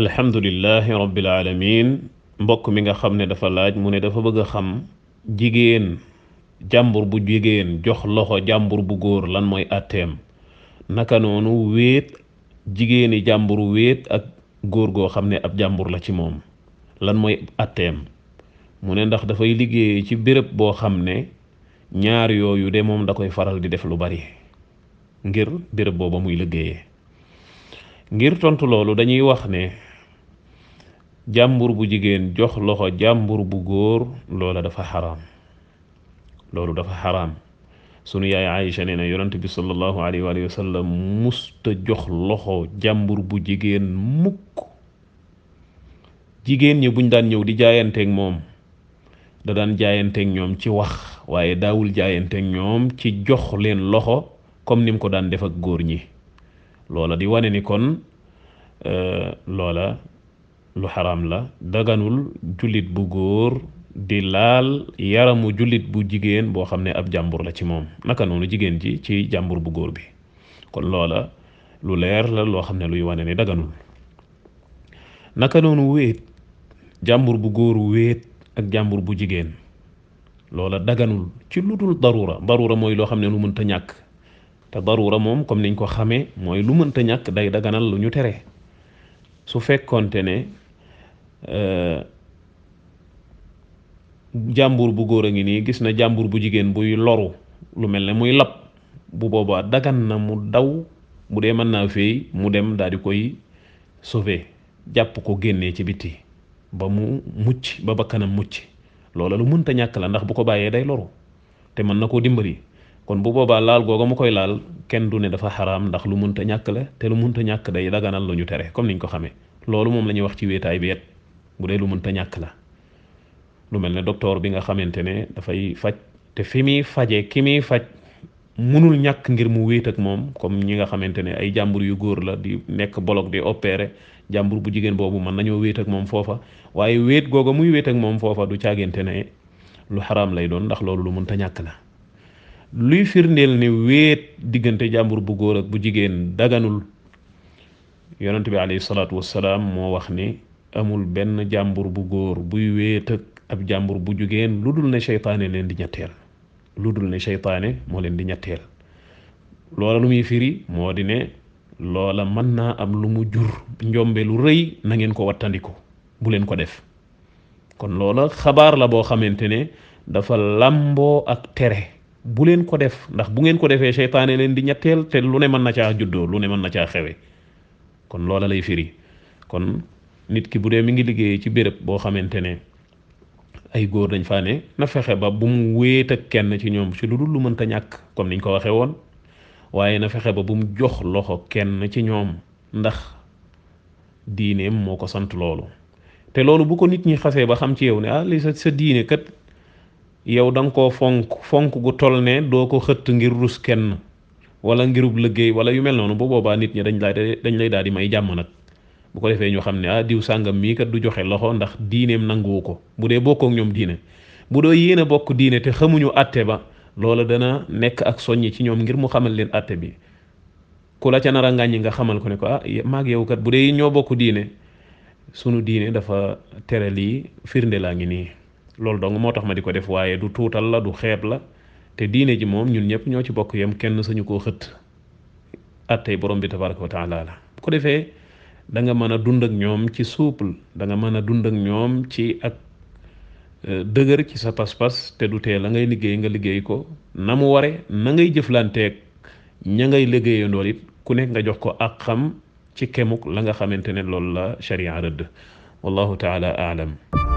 alhamdulilahi rabbil alamin mbokk mi nga xam ne dafa laaj mu ne dafa bëgg a xam jigéen jàmbur bu jigéen jox loxo jàmbur bu góor lan mooy àtteem naka noonu wéet jigéeni jàmbur wéet ak góor goo xam ne ab jàmbur la ci moom lan mooy àtteem mu ne ndax dafay liggéeye ci béréb boo xam ne ñaar yooyu de moom da koy faral di def lu bari ngir béréb booba muy liggéeyee ngir tontu loolu dañuy wax ne jàmbur bu jigéen jox loxo jàmbur bu góor loola dafa xaram loolu dafa xaraam sunu yaay Aïcha nee na yonent bi sallallahu alayhi wa sallam musta jox loxo jàmbur bu jigéen mukk jigéen ñi buñ daan ñëw di jaayanteek moom da daan jaayanteeg ñoom ci wax waaye daawul jaayanteeg ñoom ci jox leen loxo comme ni mu ko daan def ak góor ñi loola di wane ni kon euh, loola lu xaram la daganul julit bu góor di laal yaramu julit bu jigéen boo xam ne ab jàmbur la ci moom naka noonu jigéen ji ci jàmbur bu góor bi kon loola lu leer la loo xam ne luy wane ne daganul naka noonu wéet jàmbur bu góor wéet ak jàmbur bu jigéen loola daganul ci lu dul darura darura mooy loo xam ne lu mënta ñàkk te darura moom comme niñ ko xame mooy lu mënta ñàkk day daganal lu ñu tere su fekkonte ne eh, jàmbur bu góor a ngi nii gis na jàmbur bu jigéen buy loru lu mel ne muy lab bu boobaa dagan na mu daw mu dee mën naa fey mu dem daal di koy sauver jàpp ko génnee ci biti ba mu mucc ba bakkanam mucc loola lu mënta ñàkk la ndax bu ko bàyyee day loru te mën na koo dimbali kon bu boobaa laal googa mu koy laal kenn du ne dafa xaraam ndax lu munta ñàkk la te lu munta ñàkk day daganal lu ñu tere comme niñ ko xame loolu moom lañuy wax ci wéetaay bi bu dee lu munta ñàkk la lu mel ne doctor bi nga xamante ne dafay faj te fi muy fajee ki muy faj munul ñàkk ngir mu wéet ak moom comme ñi nga xamante ne ay jàmbur yu góor la di nekk bolog di opéré jàmbur bu jigéen boobu mën nañoo wéet ak moom foofa waaye wéet googa muy wéet ak moom foofa du caagante ne lu xaraam lay doon ndax loolu lu munta ñàkk la luy firndeel ne wéet diggante jàmbur bu góor ak bu jigéen daganul yonent bi alayhi salaatu wassalaam moo wax ne amul benn jàmbur bu góor buy wéet ab jàmbur bu jigéen lu dul na seytaane leen di ñetteel lu dul ne seytaane moo leen di ñetteel loola lu muy firi moo di ne loola mën naa am lu mu jur njombe lu rëy na ngeen ko wattandiku bu leen ko def kon loola xabaar la boo xamante ne dafa làmboo ak tere bu leen ko def ndax bu ngeen ko defee seytaane leen di ñetteel te lu ne mën na caa juddoo lu ne mën na caa xewe kon loola lay firi kon nit ki bu dee mi ngi liggéey ci béréb boo xamante ne ay góor dañ faa ne na fexe ba bu mu wéet ak kenn ci ñoom ci lu dul lu mënta ñàkk comme niñ ko waxee woon waaye na fexe ba bu mu jox loxo kenn ci ñoom ndax diineem moo ko sant loolu te loolu bu ko nit ñi xasee ba xam ci yow ne ah li sa sa diine kat yow da nga koo fonk fonk gu toll ne doo ko xëtt ngir ruus kenn wala ngirub liggéey wala yu mel noonu bu boobaa nit ñi dañ lay dañ lay daal di may jàmm nag bu ko defee ñu xam ne ah diw sàngam mii kat du joxe loxo ndax diineem nanguwu ko bu dee bokkook ñoom diine bu doo yéen a bokk diine te xamuñu àtte ba loola dana nekk ak soññi ci ñoom ngir mu xamal leen àtte bi ku ca nar a ngàññi nga xamal ko ne ko ah maag yow kat bu dee ñoo bokk diine sunu diine dafa tere lii firnde laa ngi nii loolu dong moo tax ma di ko def waaye du tuutal la du xeeb la te diine ji moom ñun ñëpp ñoo ci bokk yem kenn sañu koo xët attey borom bi tabaraka wa taala la bu ko defee da nga mën a dund ak ñoom ci souple da mën a dund ak ñoom ci ak euh, dëgër ci sa pas te du tee la ngay liggéey nga liggéey ko na mu ware na ngay jëflanteeg ña ngay liggéeyandool it ku nekk nga jox ko ak xam ci kemuk la nga xamante ne loolu la sharia rëdd wallahu taala aalam